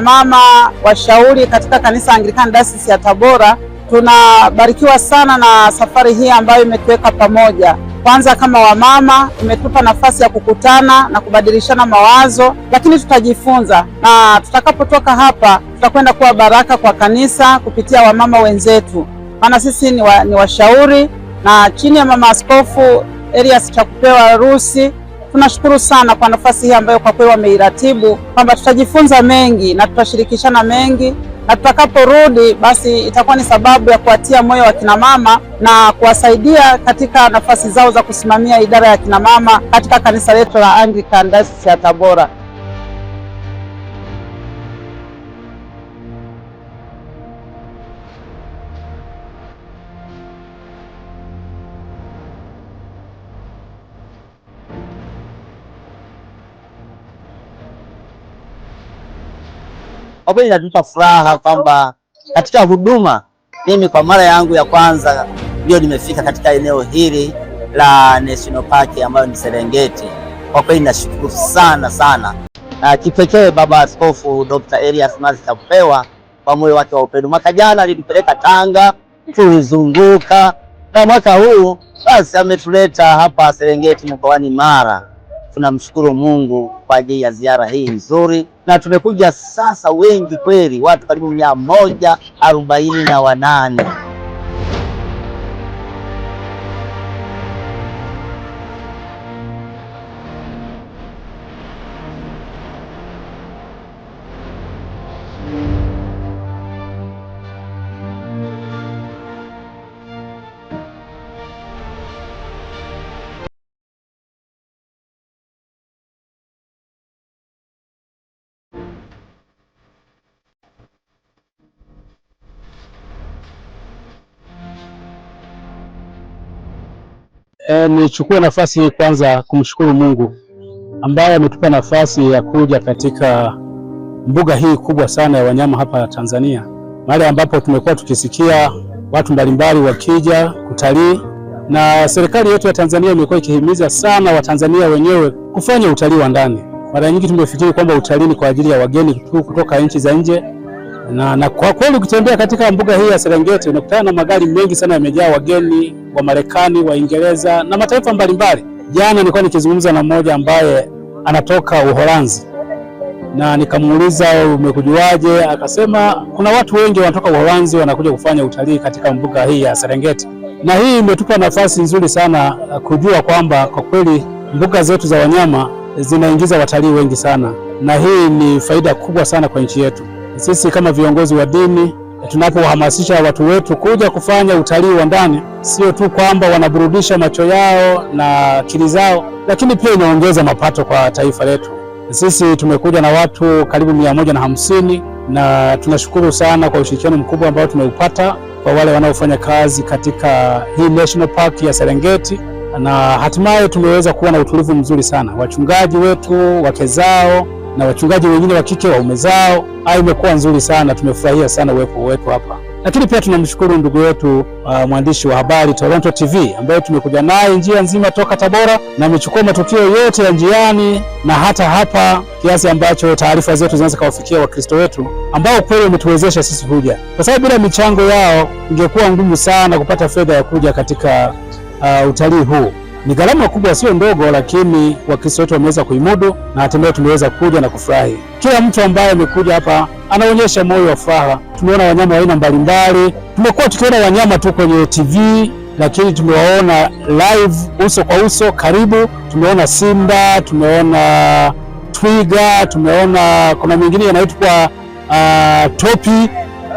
Mama washauri katika kanisa Anglikana Dayosisi ya Tabora, tunabarikiwa sana na safari hii ambayo imetuweka pamoja. Kwanza kama wamama, imetupa nafasi ya kukutana na kubadilishana mawazo, lakini tutajifunza, na tutakapotoka hapa tutakwenda kuwa baraka kwa kanisa kupitia wamama wenzetu, maana sisi ni washauri wa na chini ya mama Askofu Elias Chakupewa Rusi tunashukuru sana kwa nafasi hii ambayo kwa kweli wameiratibu kwamba tutajifunza mengi na tutashirikishana mengi na tutakaporudi basi itakuwa ni sababu ya kuwatia moyo wa kinamama na kuwasaidia katika nafasi zao za kusimamia idara ya kinamama katika kanisa letu la Anglican Dayosisi ya Tabora. kwa kweli inatupa furaha kwamba katika huduma mimi kwa mara yangu ya kwanza ndio nimefika katika eneo hili la National Park ambayo ni Serengeti. Kwa kweli nashukuru sana sana na kipekee Baba Askofu Dr. Elias Mazi Kupewa kwa moyo wake wa upendo. Mwaka jana alinipeleka Tanga tulizunguka, na mwaka huu basi ametuleta hapa Serengeti mkoani Mara. Tunamshukuru Mungu kwa ajili ya ziara hii nzuri, na tumekuja sasa wengi kweli, watu karibu mia moja arobaini na wanane. E, nichukue nafasi hii kwanza kumshukuru Mungu ambaye ametupa nafasi ya kuja katika mbuga hii kubwa sana ya wanyama hapa Tanzania, mahali ambapo tumekuwa tukisikia watu mbalimbali wakija kutalii, na serikali yetu ya Tanzania imekuwa ikihimiza sana Watanzania wenyewe kufanya utalii wa ndani. Mara nyingi tumefikiri kwamba utalii ni kwa ajili ya wageni tu kutoka nchi za nje na, na kwa kweli ukitembea katika mbuga hii ya Serengeti unakutana na magari mengi sana yamejaa wageni wa Marekani, Waingereza na mataifa mbalimbali. Jana nilikuwa nikizungumza na mmoja ambaye anatoka Uholanzi na nikamuuliza umekujuaje? Akasema kuna watu wengi wanatoka Uholanzi wanakuja kufanya utalii katika mbuga hii ya Serengeti, na hii imetupa nafasi nzuri sana uh, kujua kwamba kwa kweli mbuga zetu za wanyama zinaingiza watalii wengi sana, na hii ni faida kubwa sana kwa nchi yetu. Sisi kama viongozi wa dini tunapohamasisha watu wetu kuja kufanya utalii wa ndani, sio tu kwamba wanaburudisha macho yao na akili zao, lakini pia inaongeza mapato kwa taifa letu. Sisi tumekuja na watu karibu mia moja na hamsini na tunashukuru sana kwa ushirikiano mkubwa ambao tumeupata kwa wale wanaofanya kazi katika hii National Park ya Serengeti, na hatimaye tumeweza kuwa na utulivu mzuri sana, wachungaji wetu, wake zao na wachungaji wengine wa kike waume zao. Ai, imekuwa nzuri sana, tumefurahia sana uwepo wetu hapa, lakini pia tunamshukuru ndugu yetu uh, mwandishi wa habari Toronto TV ambaye tumekuja naye njia nzima toka Tabora na amechukua matukio yote ya njiani na hata hapa kiasi ambacho taarifa zetu zinaweza kawafikia Wakristo wetu ambao kweli wametuwezesha sisi kuja, kwa sababu bila michango yao ingekuwa ngumu sana kupata fedha ya kuja katika uh, utalii huu. Ni gharama kubwa, sio ndogo, lakini Wakristo wetu wameweza kuimudu na hatimaye tumeweza kuja na kufurahi. Kila mtu ambaye amekuja hapa anaonyesha moyo wa furaha. Tumeona wanyama wa aina mbalimbali. Tumekuwa tukiona wanyama tu kwenye TV, lakini tumewaona live, uso kwa uso, karibu. Tumeona simba, tumeona twiga, tumeona kuna mengine yanaitwa uh, topi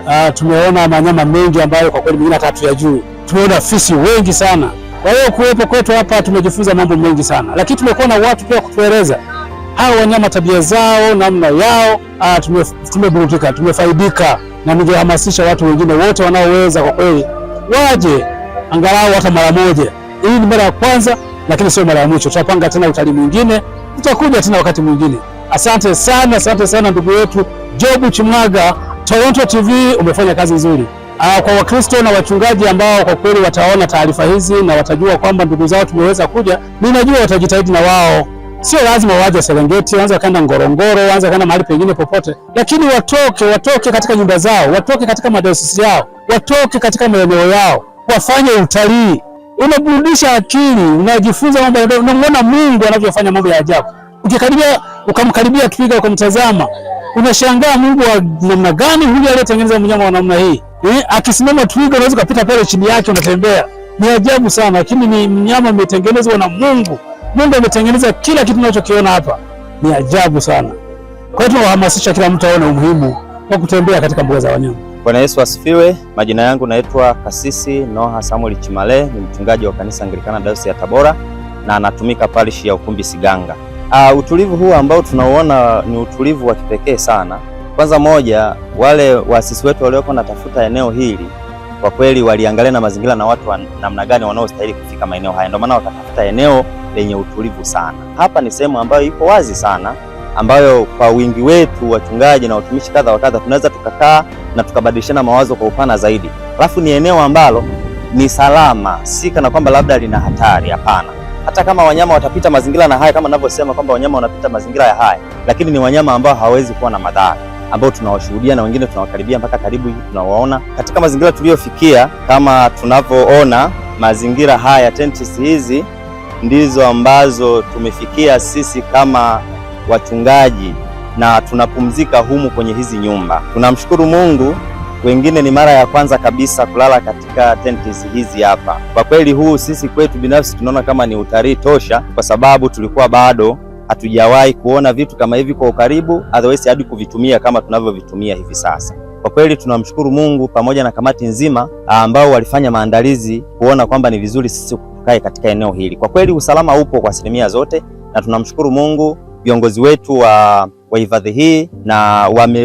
uh, tumeona manyama mengi ambayo kwa kweli mengine hata hatuyajui. Tumeona fisi wengi sana. Kwa hiyo kuwepo kwetu hapa tumejifunza mambo mengi sana, lakini tumekuwa na watu pia kutueleza hawa wanyama tabia zao namna yao. Ah, tumeburudika, tumefaidika, na ningehamasisha watu wengine wote wanaoweza kwa kweli waje angalau hata mara moja. Hii ni mara ya kwanza, lakini sio mara ya mwisho. Tutapanga tena utalii mwingine, tutakuja tena wakati mwingine. Asante sana, asante sana ndugu yetu Jobu Chimwaga, Toronto TV, umefanya kazi nzuri. Uh, kwa Wakristo na wachungaji ambao kwa kweli wataona taarifa hizi na watajua kwamba ndugu zao tumeweza kuja, mimi najua watajitahidi na wao. Sio lazima waje Serengeti, waanze kwenda Ngorongoro, waanze kwenda mahali pengine popote, lakini watoke, watoke katika nyumba zao, watoke katika madayosisi yao, watoke katika maeneo yao, wafanye utalii. Unaburudisha akili, unajifunza mambo, unamuona Mungu anavyofanya mambo ya ajabu. Ukikaribia, ukamkaribia twiga, ukamtazama, unashangaa Mungu wa namna gani huyu aliyetengeneza mnyama wa namna hii eh, akisimama twiga unaweza kupita pale chini yake unatembea. Ni ajabu sana, lakini ni mnyama ametengenezwa na Mungu. Mungu ametengeneza kila kitu tunachokiona hapa, ni ajabu sana. Kwa hiyo tunawahamasisha kila mtu aone umuhimu wa kutembea katika mbuga za wanyama. Bwana Yesu asifiwe. Majina yangu naitwa Kasisi Noha Samuel Chimale, ni mchungaji wa kanisa Anglikana Dayosisi ya Tabora na anatumika parishi ya Ukumbi Siganga. Uh, utulivu huu ambao tunauona ni utulivu wa kipekee sana. Kwanza moja, wale waasisi wetu waliokuwa natafuta eneo hili kwa kweli waliangalia na mazingira na watu wa namna gani wanaostahili kufika maeneo haya, ndio maana wakatafuta eneo lenye utulivu sana. Hapa ni sehemu ambayo iko wazi sana, ambayo kwa wingi wetu wachungaji na watumishi kadha wa kadha tunaweza tukakaa na tukabadilishana mawazo kwa upana zaidi, alafu ni eneo ambalo ni salama, si kana kwamba labda lina hatari. Hapana, hata kama wanyama watapita mazingira na haya, kama ninavyosema kwamba wanyama wanapita mazingira ya haya, lakini ni wanyama ambao hawawezi kuwa na madhara ambao tunawashuhudia na wengine tunawakaribia mpaka karibu tunawaona katika mazingira tuliyofikia. Kama tunavyoona mazingira haya, tents hizi ndizo ambazo tumefikia sisi kama wachungaji na tunapumzika humu kwenye hizi nyumba. Tunamshukuru Mungu. Wengine ni mara ya kwanza kabisa kulala katika tents hizi hapa. Kwa kweli, huu sisi kwetu binafsi tunaona kama ni utalii tosha, kwa sababu tulikuwa bado hatujawahi kuona vitu kama hivi kwa ukaribu, otherwise hadi kuvitumia kama tunavyovitumia hivi sasa. Kwa kweli tunamshukuru Mungu pamoja na kamati nzima ah, ambao walifanya maandalizi kuona kwamba ni vizuri sisi tukae katika eneo hili. Kwa kweli usalama upo kwa asilimia zote, na tunamshukuru Mungu viongozi wetu wa wa hifadhi hii na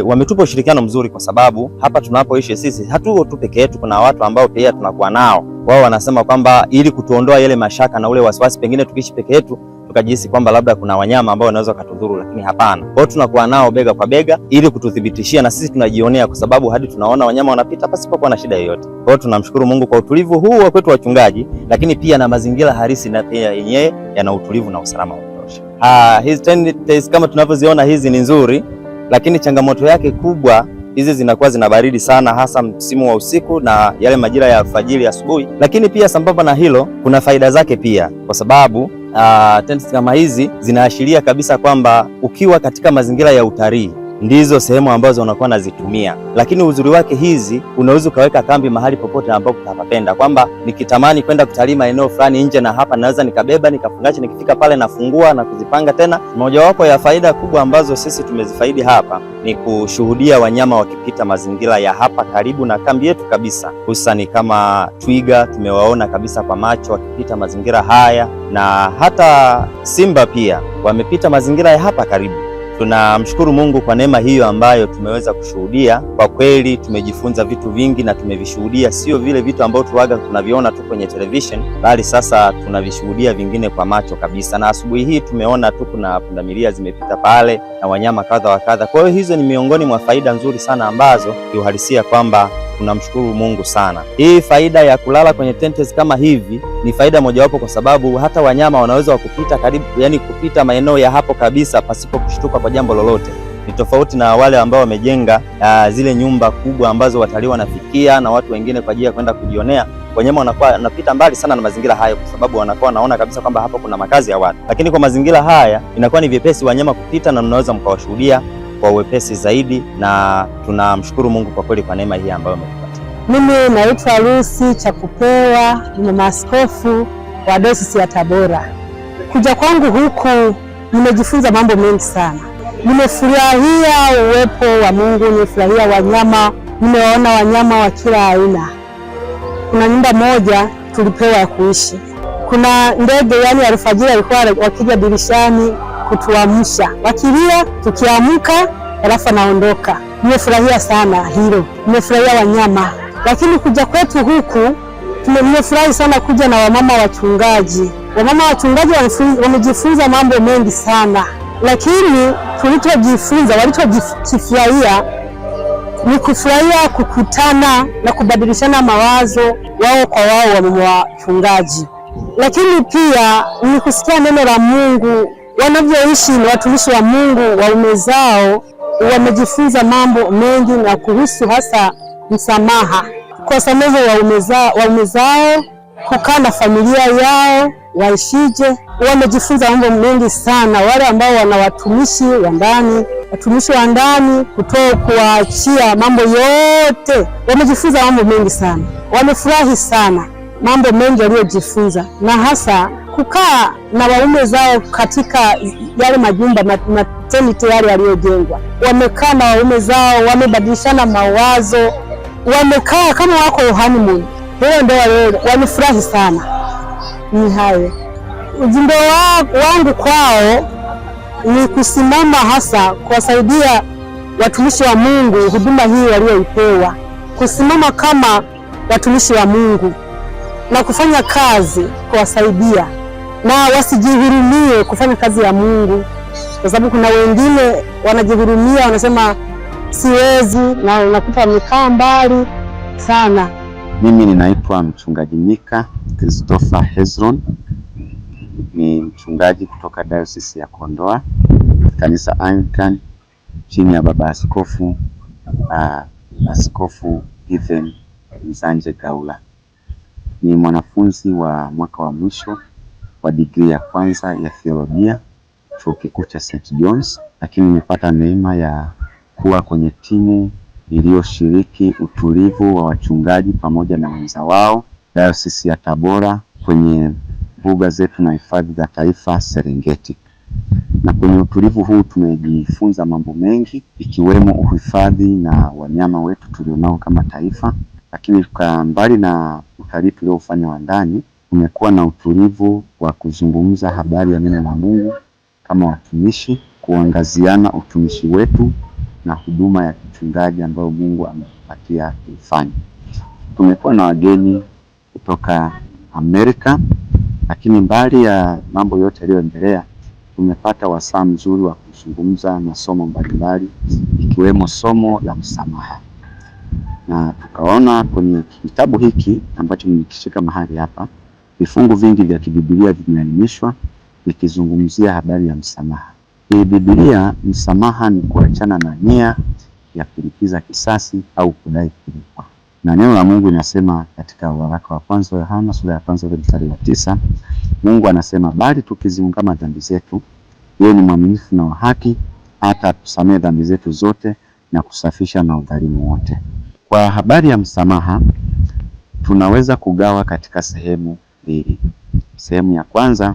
wametupa wame ushirikiano mzuri, kwa sababu hapa tunapoishi sisi hatuko tu peke yetu, kuna watu ambao pia tunakuwa nao. Wao wanasema kwamba ili kutuondoa yale mashaka na ule wasiwasi, pengine tukiishi peke yetu tukajihisi kwamba labda kuna wanyama ambao wanaweza wakatudhuru, lakini hapana. Kwao tunakuwa nao bega kwa bega ili kututhibitishia, na sisi tunajionea, kwa sababu hadi tunaona wanyama wanapita pasipokuwa na shida yoyote. Kwao tunamshukuru Mungu kwa utulivu huu wa kwetu wachungaji, lakini pia na mazingira halisi na pia yenyewe yana utulivu na usalama wa kutosha. Ah, hizi ten kama tunavyoziona hizi ni nzuri, lakini changamoto yake kubwa hizi zinakuwa zina baridi sana hasa msimu wa usiku na yale majira ya alfajiri, asubuhi. Lakini pia sambamba na hilo, kuna faida zake pia, kwa sababu uh, tents kama hizi zinaashiria kabisa kwamba ukiwa katika mazingira ya utalii ndizo sehemu ambazo unakuwa nazitumia, lakini uzuri wake hizi unaweza ukaweka kambi mahali popote ambapo utapapenda, kwamba nikitamani kwenda kutalii maeneo fulani nje na hapa, naweza nikabeba nikafungasha, nikifika pale nafungua na kuzipanga tena. Mojawapo ya faida kubwa ambazo sisi tumezifaidi hapa ni kushuhudia wanyama wakipita mazingira ya hapa karibu na kambi yetu kabisa, hususani kama twiga tumewaona kabisa kwa macho wakipita mazingira haya, na hata simba pia wamepita mazingira ya hapa karibu. Tunamshukuru Mungu kwa neema hiyo ambayo tumeweza kushuhudia. Kwa kweli tumejifunza vitu vingi na tumevishuhudia, sio vile vitu ambavyo tuaga tunaviona tu kwenye television, bali sasa tunavishuhudia vingine kwa macho kabisa. Na asubuhi hii tumeona tu kuna pundamilia zimepita pale na wanyama kadha wa kadha. Kwa hiyo hizo ni miongoni mwa faida nzuri sana ambazo kiuhalisia kwamba tunamshukuru Mungu sana. Hii faida ya kulala kwenye tentes kama hivi ni faida mojawapo, kwa sababu hata wanyama wanaweza wakupita karibu, yani kupita maeneo ya hapo kabisa pasipo kushtuka kwa jambo lolote. Ni tofauti na wale ambao wamejenga ah, zile nyumba kubwa ambazo watalii wanafikia na watu wengine kwa ajili ya kwenda kujionea wanyama wanakuwa wanapita mbali sana na mazingira hayo, kwa sababu wanakuwa wanaona kabisa kwamba hapa kuna makazi ya watu. Lakini kwa mazingira haya inakuwa ni vyepesi wanyama kupita, na mnaweza mkawashuhudia kwa uwepesi zaidi, na tunamshukuru Mungu kwa kweli kwa neema hii ambayo ametupatia. Mimi naitwa Lucy Chakupewa, ni mama askofu wa Dayosisi ya Tabora. Kuja kwangu huku nimejifunza mambo mengi sana, nimefurahia uwepo wa Mungu, nimefurahia wanyama, nimewaona wanyama wa kila aina. Kuna nyumba moja tulipewa ya kuishi, kuna ndege, yani alfajiri alikuwa wakija dirishani kutuamsha, wakilia tukiamka, alafu anaondoka. Nimefurahia sana hilo, nimefurahia wanyama, lakini kuja kwetu huku nimefurahi sana kuja na wamama wachungaji. Wamama wachungaji wamejifunza mambo mengi sana, lakini tulichojifunza, walichokifurahia ni kufurahia kukutana na kubadilishana mawazo wao kwa wao, wamama wachungaji, lakini pia ni kusikia neno la Mungu wanavyoishi na watumishi wa Mungu, waume zao wamejifunza mambo mengi na kuhusu hasa msamaha, kuwasamehe waume zao, kukaa na familia yao waishije. Wamejifunza mambo mengi sana, wale ambao wana watumishi wa ndani watumishi wa ndani kutoa kuwaachia mambo yote, wamejifunza mambo mengi sana, wamefurahi sana mambo mengi waliojifunza na hasa kukaa na waume zao katika yale majumba mateni tayari yaliyojengwa. Wamekaa na waume zao, wamebadilishana mawazo, wamekaa kama wako honeymoon. Hiyo ndio walifurahi sana. Ni hayo ujumbe wangu kwao ni kusimama hasa kuwasaidia watumishi wa Mungu huduma hii walioipewa, kusimama kama watumishi wa Mungu na kufanya kazi kuwasaidia na wasijihurumie kufanya kazi ya Mungu, kwa sababu kuna wengine wanajihurumia, wanasema siwezi, na unakuta wamekaa mbali sana. Mimi ninaitwa mchungaji Mika Christopher Hezron, ni mchungaji kutoka Diocese ya Kondoa, kanisa Anglican chini ya baba askofu uh, askofu Ethan Mzanje Gaula. Ni mwanafunzi wa mwaka wa mwisho wa digrii ya kwanza ya theolojia chuo kikuu cha St John's, lakini nimepata neema ya kuwa kwenye timu iliyoshiriki utulivu wa wachungaji pamoja na wenza wao dayosisi ya Tabora kwenye mbuga zetu na hifadhi za taifa Serengeti. Na kwenye utulivu huu tumejifunza mambo mengi ikiwemo uhifadhi na wanyama wetu tulionao kama taifa, lakini mbali na utalii tuliofanya wa ndani Kumekuwa na utulivu wa kuzungumza habari ya neno la Mungu kama watumishi, kuangaziana utumishi wetu na huduma ya kichungaji ambayo Mungu amepatia kuifanya. Tumekuwa na wageni kutoka Amerika, lakini mbali ya mambo yote yaliyoendelea, tumepata wasaa mzuri wa kuzungumza na somo mbalimbali ikiwemo somo la msamaha na tukaona kwenye kitabu hiki ambacho nimekishika mahali hapa Vifungu vingi vya kibibilia vimeainishwa vikizungumzia habari ya msamaha. biblia msamaha ni kuachana na nia ya kulipiza kisasi au kudai kulipwa, na neno la Mungu linasema katika waraka wa kwanza wa Yohana sura ya kwanza mstari wa tisa, Mungu anasema bali tukiziungama dhambi zetu, yeye ni mwaminifu na wa haki hata tusamehe dhambi zetu zote na kusafisha na udhalimu wote. Kwa habari ya msamaha tunaweza kugawa katika sehemu mbili. Sehemu ya kwanza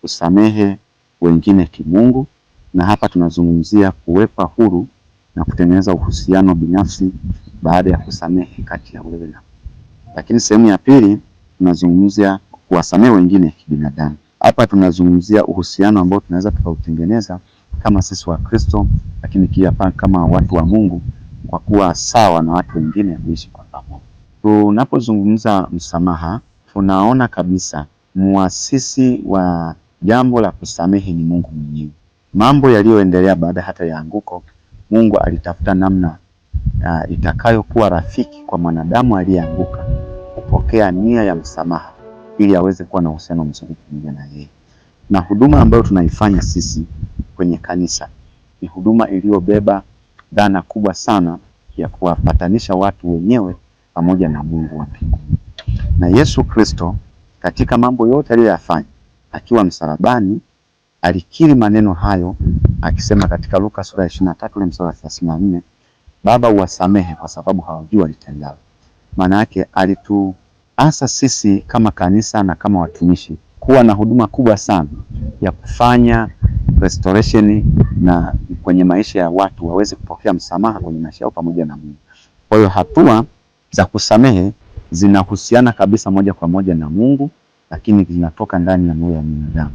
kusamehe wengine kimungu, na hapa tunazungumzia kuwekwa huru na kutengeneza uhusiano binafsi baada ya kusamehe kati ya wewe na. Lakini sehemu ya pili tunazungumzia kuwasamehe wengine kibinadamu. Hapa tunazungumzia uhusiano ambao tunaweza tukautengeneza kama sisi wa Kristo, lakini pia kama watu wa Mungu kwa kuwa sawa na watu wengine kuishi kwa pamoja. Tunapozungumza msamaha tunaona kabisa muasisi wa jambo la kusamehe ni Mungu mwenyewe. Mambo yaliyoendelea baada hata ya anguko, Mungu alitafuta namna uh, itakayokuwa rafiki kwa mwanadamu aliyeanguka kupokea nia ya msamaha ili aweze kuwa na uhusiano mzuri pamoja na yeye. Na huduma ambayo tunaifanya sisi kwenye kanisa ni huduma iliyobeba dhana kubwa sana ya kuwapatanisha watu wenyewe pamoja na Mungu wa mbinguni na Yesu Kristo katika mambo yote aliyoyafanya akiwa msalabani alikiri maneno hayo akisema katika Luka sura ya 23 ile mstari wa 34, Baba uwasamehe kwa sababu hawajua walitendalo. Maana yake alituasa sisi kama kanisa na kama watumishi kuwa na huduma kubwa sana ya kufanya restoration na kwenye maisha ya watu waweze kupokea msamaha kwenye maisha yao pamoja na Mungu. Kwa hiyo hatua za kusamehe zinahusiana kabisa moja kwa moja na Mungu, lakini zinatoka ndani ya moyo wa mwanadamu.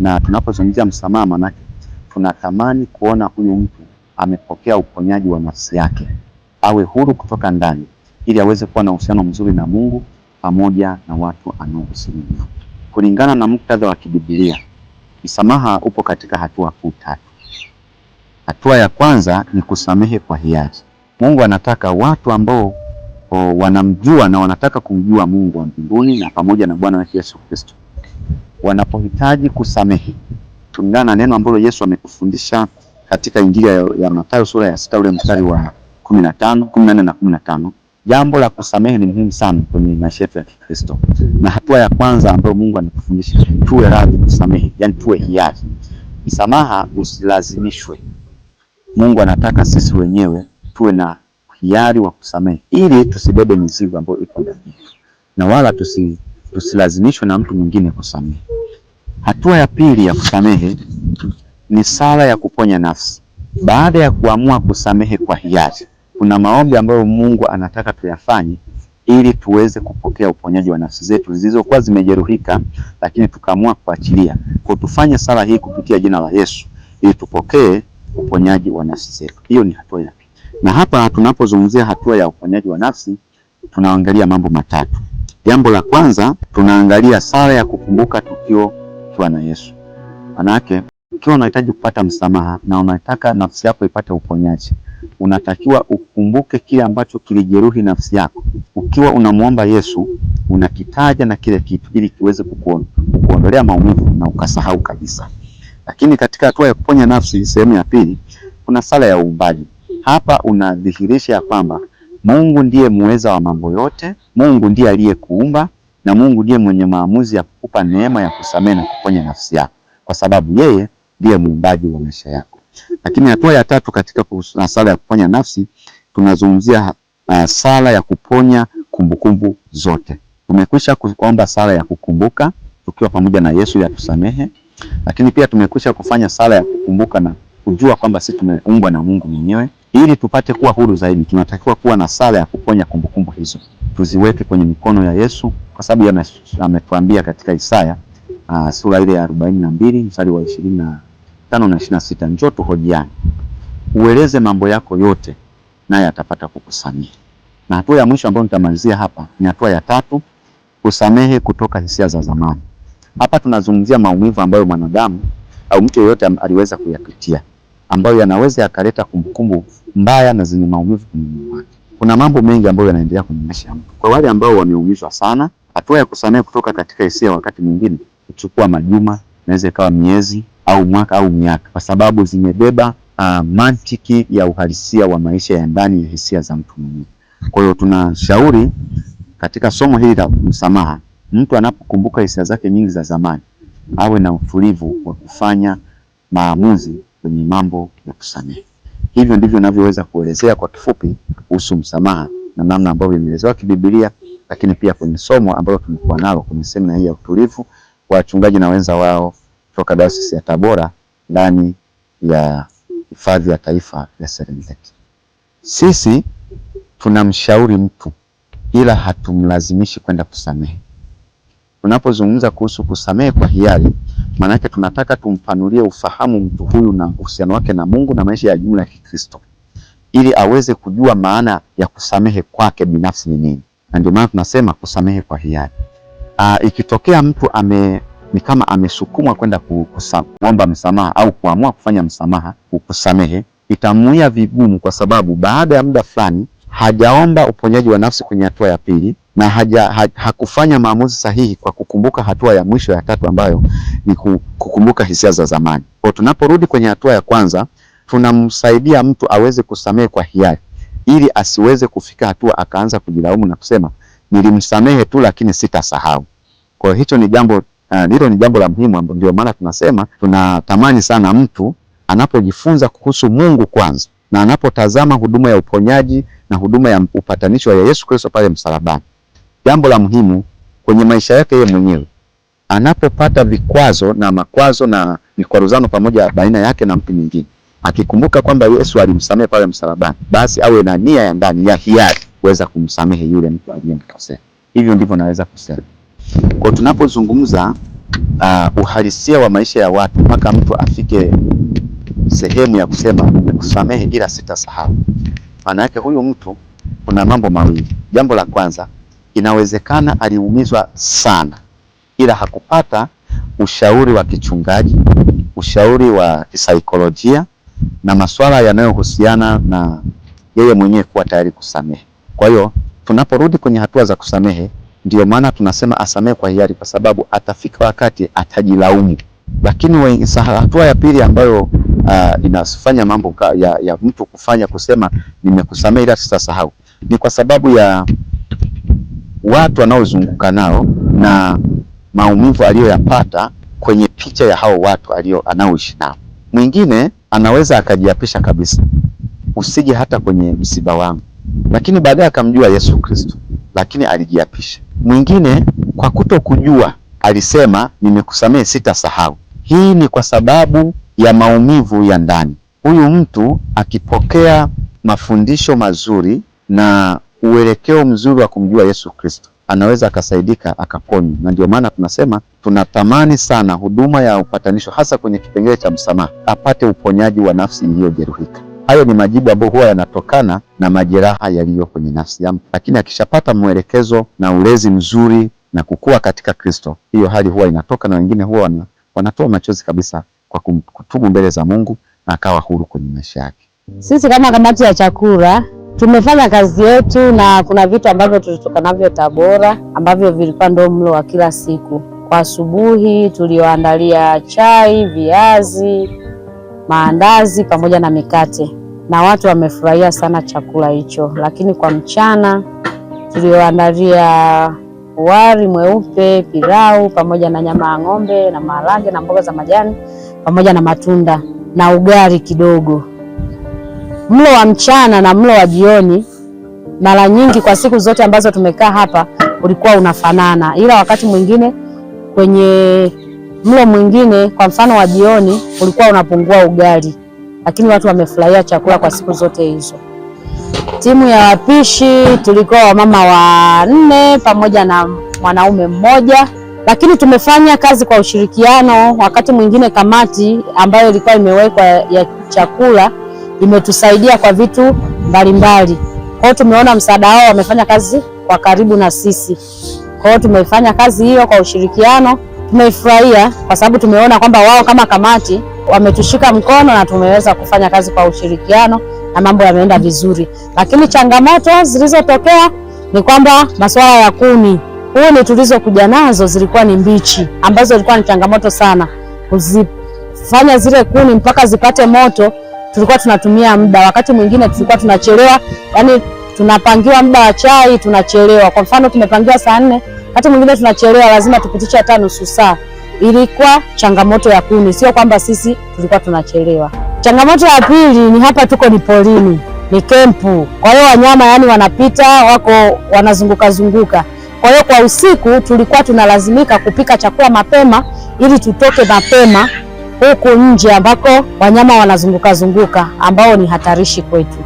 Na tunapozungumzia msamaha, manake tunatamani kuona huyu mtu amepokea uponyaji wa nafsi yake, awe huru kutoka ndani, ili aweze kuwa na uhusiano mzuri na Mungu pamoja na watu anaohusiana nao. Kulingana na muktadha wa kibiblia, msamaha upo katika hatua kuu tatu. Hatua ya kwanza ni kusamehe kwa hiari. Mungu anataka watu ambao o, wanamjua na wanataka kumjua Mungu wa mbinguni na pamoja na Bwana wetu Yesu Kristo. Wanapohitaji kusamehe, kulingana na neno ambalo Yesu amekufundisha katika Injili ya, ya Mathayo sura ya sita ule mstari wa kumi na tano kumi na nne na kumi na tano jambo la kusamehe ni muhimu sana kwenye maisha yetu ya Kikristo, na hatua ya kwanza ambayo Mungu anatufundisha tuwe radhi kusamehe, yani tuwe hiari. Msamaha usilazimishwe. Mungu anataka sisi wenyewe tuwe na uhiari wa kusamehe ili tusibebe mizigo ambayo iko ndani na wala tusi, tusilazimishwe na mtu mwingine kusamehe. Hatua ya pili ya kusamehe ni sala ya kuponya nafsi. Baada ya kuamua kusamehe kwa hiari, kuna maombi ambayo Mungu anataka tuyafanye ili tuweze kupokea uponyaji wa nafsi zetu zilizokuwa zimejeruhika, lakini tukaamua kuachilia. Kwa tufanye sala hii kupitia jina la Yesu ili tupokee uponyaji wa nafsi zetu. Hiyo ni hatua ya na hapa tunapozungumzia hatua ya uponyaji wa nafsi, tunaangalia mambo matatu. Jambo la kwanza, tunaangalia sala ya kukumbuka tukio ukiwa na Yesu. Manake ukiwa unahitaji kupata msamaha na unataka nafsi yako ipate uponyaji, unatakiwa ukumbuke kile ambacho kilijeruhi nafsi yako. Ukiwa unamuomba Yesu, unakitaja na kile kitu ili kiweze kukuondolea maumivu na ukasahau kabisa. Lakini katika hatua ya kuponya nafsi, sehemu ya pili, kuna sala ya uumbaji. Hapa unadhihirisha ya kwamba Mungu ndiye muweza wa mambo yote, Mungu ndiye aliyekuumba na Mungu ndiye mwenye maamuzi ya kukupa neema ya kusamehe na kuponya nafsi yako, kwa sababu yeye ndiye muumbaji wa maisha yako. Lakini hatua ya tatu katika kuhusu sala ya kuponya nafsi tunazungumzia uh, sala ya kuponya kumbukumbu kumbu zote. Tumekwisha kuomba sala ya kukumbuka tukiwa pamoja na Yesu ya kusamehe, lakini pia tumekwisha kufanya sala ya kukumbuka na kujua kwamba sisi tumeumbwa na Mungu mwenyewe ili tupate kuwa huru zaidi, tunatakiwa kuwa na sala ya kuponya kumbukumbu hizo, tuziweke kwenye mikono ya Yesu, kwa sababu ametuambia katika Isaya uh, sura ile ya 42 mstari wa 25 na 26, njoo tuhojiane, ueleze mambo yako yote, naye atapata kukusamehe. Na hatua ya mwisho ambayo nitamalizia hapa ni hatua ya tatu, kusamehe kutoka hisia za zamani. Hapa tunazungumzia maumivu ambayo mwanadamu au mtu yeyote aliweza kuyapitia, ambayo yanaweza yakaleta kumbukumbu mbaya na zenye maumivu kwenye mwili wake. Kuna mambo mengi ambayo yanaendelea kwenye maisha ya mtu. Kwa wale ambao wameumizwa sana, hatua ya kusamehe kutoka katika hisia wakati mwingine kuchukua majuma, naweza ikawa miezi au mwaka au miaka, kwa sababu zimebeba uh, mantiki ya uhalisia wa maisha ya ndani ya hisia za mtu mwenyewe. Kwa hiyo tunashauri katika somo hili la msamaha, mtu anapokumbuka hisia zake nyingi za zamani, awe na utulivu wa kufanya maamuzi kwenye mambo ya kusamehe. Hivyo ndivyo ninavyoweza kuelezea kwa kifupi kuhusu msamaha na namna ambavyo imeelezewa kibibilia, lakini pia kwenye somo ambalo tumekuwa nalo kwenye semina hii ya utulivu kwa wachungaji na wenza wao kutoka Dayosisi ya Tabora ndani ya hifadhi ya taifa ya Serengeti. Sisi tunamshauri mtu ila hatumlazimishi kwenda kusamehe tunapozungumza kuhusu kusamehe kwa hiari, maana yake tunataka tumpanulie ufahamu mtu huyu na uhusiano wake na Mungu na maisha ya jumla ya Kikristo, ili aweze kujua maana ya kusamehe kwake binafsi ni nini, na ndio maana tunasema kusamehe kwa hiari. Aa, ah, ikitokea mtu ame ni kama amesukumwa kwenda kuomba msamaha au kuamua kufanya msamaha kukusamehe, itamuia vigumu, kwa sababu baada ya muda fulani hajaomba uponyaji wa nafsi kwenye hatua ya pili na haja, ha, hakufanya maamuzi sahihi kwa kukumbuka hatua ya mwisho ya tatu ambayo ni kukumbuka hisia za zamani. Kwa tunaporudi kwenye hatua ya kwanza, tunamsaidia mtu aweze kusamehe kwa hiari ili asiweze kufika hatua akaanza kujilaumu na kusema nilimsamehe tu, lakini sitasahau. Kwa hicho ni jambo eh, hilo, uh, ni jambo la muhimu ambapo ndio maana tunasema tunatamani sana mtu anapojifunza kuhusu Mungu kwanza na anapotazama huduma ya uponyaji na huduma ya upatanisho wa Yesu Kristo pale msalabani jambo la muhimu kwenye maisha yake yeye mwenyewe. Anapopata vikwazo na makwazo na mikwaruzano pamoja baina yake na mtu mwingine, akikumbuka kwamba Yesu alimsamehe pale msalabani, basi awe na nia ya ndani ya hiari kuweza kumsamehe yule mtu aliyemkosea. Hivyo ndivyo naweza kusema kwa tunapozungumza uh, uhalisia wa maisha ya watu, mpaka mtu afike sehemu ya kusema nimekusamehe, ila sitasahau. Maana yake huyu mtu kuna mambo mawili. Jambo la kwanza inawezekana aliumizwa sana, ila hakupata ushauri wa kichungaji, ushauri wa kisaikolojia na masuala yanayohusiana na yeye mwenyewe kuwa tayari kusamehe. Kwa hiyo tunaporudi kwenye hatua za kusamehe, ndio maana tunasema asamehe kwa hiari, kwa sababu atafika wakati atajilaumu. Lakini hatua ya pili ambayo uh, inafanya mambo ya, ya mtu kufanya kusema nimekusamehe ila sitasahau, ni kwa sababu ya watu wanaozunguka nao na maumivu aliyoyapata kwenye picha ya hao watu anaoishi nao. Mwingine anaweza akajiapisha kabisa, usije hata kwenye msiba wangu, lakini baadaye akamjua Yesu Kristo, lakini alijiapisha. Mwingine kwa kuto kujua alisema nimekusamehe, sitasahau. Hii ni kwa sababu ya maumivu ya ndani. Huyu mtu akipokea mafundisho mazuri na uelekeo mzuri wa kumjua Yesu Kristo anaweza akasaidika akaponywa, na ndio maana tunasema tunatamani sana huduma ya upatanisho, hasa kwenye kipengele cha msamaha, apate uponyaji wa nafsi iliyojeruhika. Hayo ni majibu ambayo huwa yanatokana na majeraha yaliyo kwenye nafsi ya mtu, lakini akishapata mwelekezo na ulezi mzuri na kukua katika Kristo, hiyo hali huwa inatoka, na wengine huwa wana, wanatoa machozi kabisa kwa kutubu mbele za Mungu na akawa huru kwenye maisha yake. Sisi kama kamati ya chakula Tumefanya kazi yetu na kuna vitu ambavyo tulitoka navyo Tabora ambavyo vilikuwa ndo mlo wa kila siku. Kwa asubuhi tulioandalia chai, viazi, maandazi pamoja na mikate, na watu wamefurahia sana chakula hicho. Lakini kwa mchana tulioandalia wali mweupe, pilau pamoja na nyama ya ng'ombe na maharage na mboga za majani pamoja na matunda na ugali kidogo mlo wa mchana na mlo wa jioni mara nyingi kwa siku zote ambazo tumekaa hapa ulikuwa unafanana, ila wakati mwingine kwenye mlo mwingine, kwa mfano wa jioni, ulikuwa unapungua ugali, lakini watu wamefurahia chakula kwa siku zote hizo. Timu ya wapishi tulikuwa wamama wanne pamoja na mwanaume mmoja, lakini tumefanya kazi kwa ushirikiano. Wakati mwingine kamati ambayo ilikuwa imewekwa ya chakula imetusaidia kwa vitu mbalimbali. Kwa hiyo tumeona msaada wao, wamefanya kazi kwa karibu na sisi. Kwa hiyo tumefanya kazi hiyo kwa ushirikiano, tumeifurahia kwa sababu tumeona kwamba wao kama kamati wametushika mkono na tumeweza kufanya kazi kwa ushirikiano na mambo yameenda vizuri. Lakini changamoto zilizotokea ni kwamba masuala ya kuni, kuni tulizokuja nazo zilikuwa ni mbichi, ambazo zilikuwa ni changamoto sana kuzifanya zile kuni mpaka zipate moto tulikuwa tunatumia muda, wakati mwingine tulikuwa tunachelewa, yani tunapangiwa muda wa chai tunachelewa. Kwa mfano tumepangiwa saa nne, wakati mwingine tunachelewa, lazima tupitishe hata nusu saa. Ilikuwa changamoto ya kuni, sio kwamba sisi tulikuwa tunachelewa. Changamoto ya pili ni hapa tuko ni porini, ni kempu, kwa hiyo wanyama yani wanapita wako wanazunguka zunguka. Kwa hiyo kwa usiku tulikuwa tunalazimika kupika chakula mapema ili tutoke mapema huku nje ambako wanyama wanazunguka zunguka ambao ni hatarishi kwetu.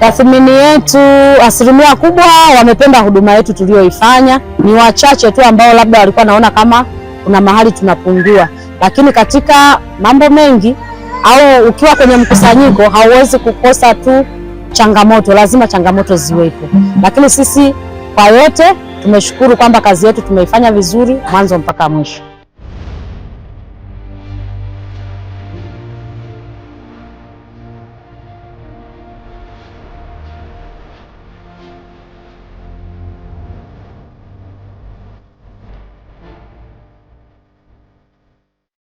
Tathmini yetu, asilimia kubwa wamependa huduma yetu tuliyoifanya. Ni wachache tu ambao labda walikuwa naona kama kuna mahali tunapungua, lakini katika mambo mengi au ukiwa kwenye mkusanyiko hauwezi kukosa tu changamoto, lazima changamoto ziwepo. Lakini sisi kwa yote tumeshukuru kwamba kazi yetu tumeifanya vizuri mwanzo mpaka mwisho.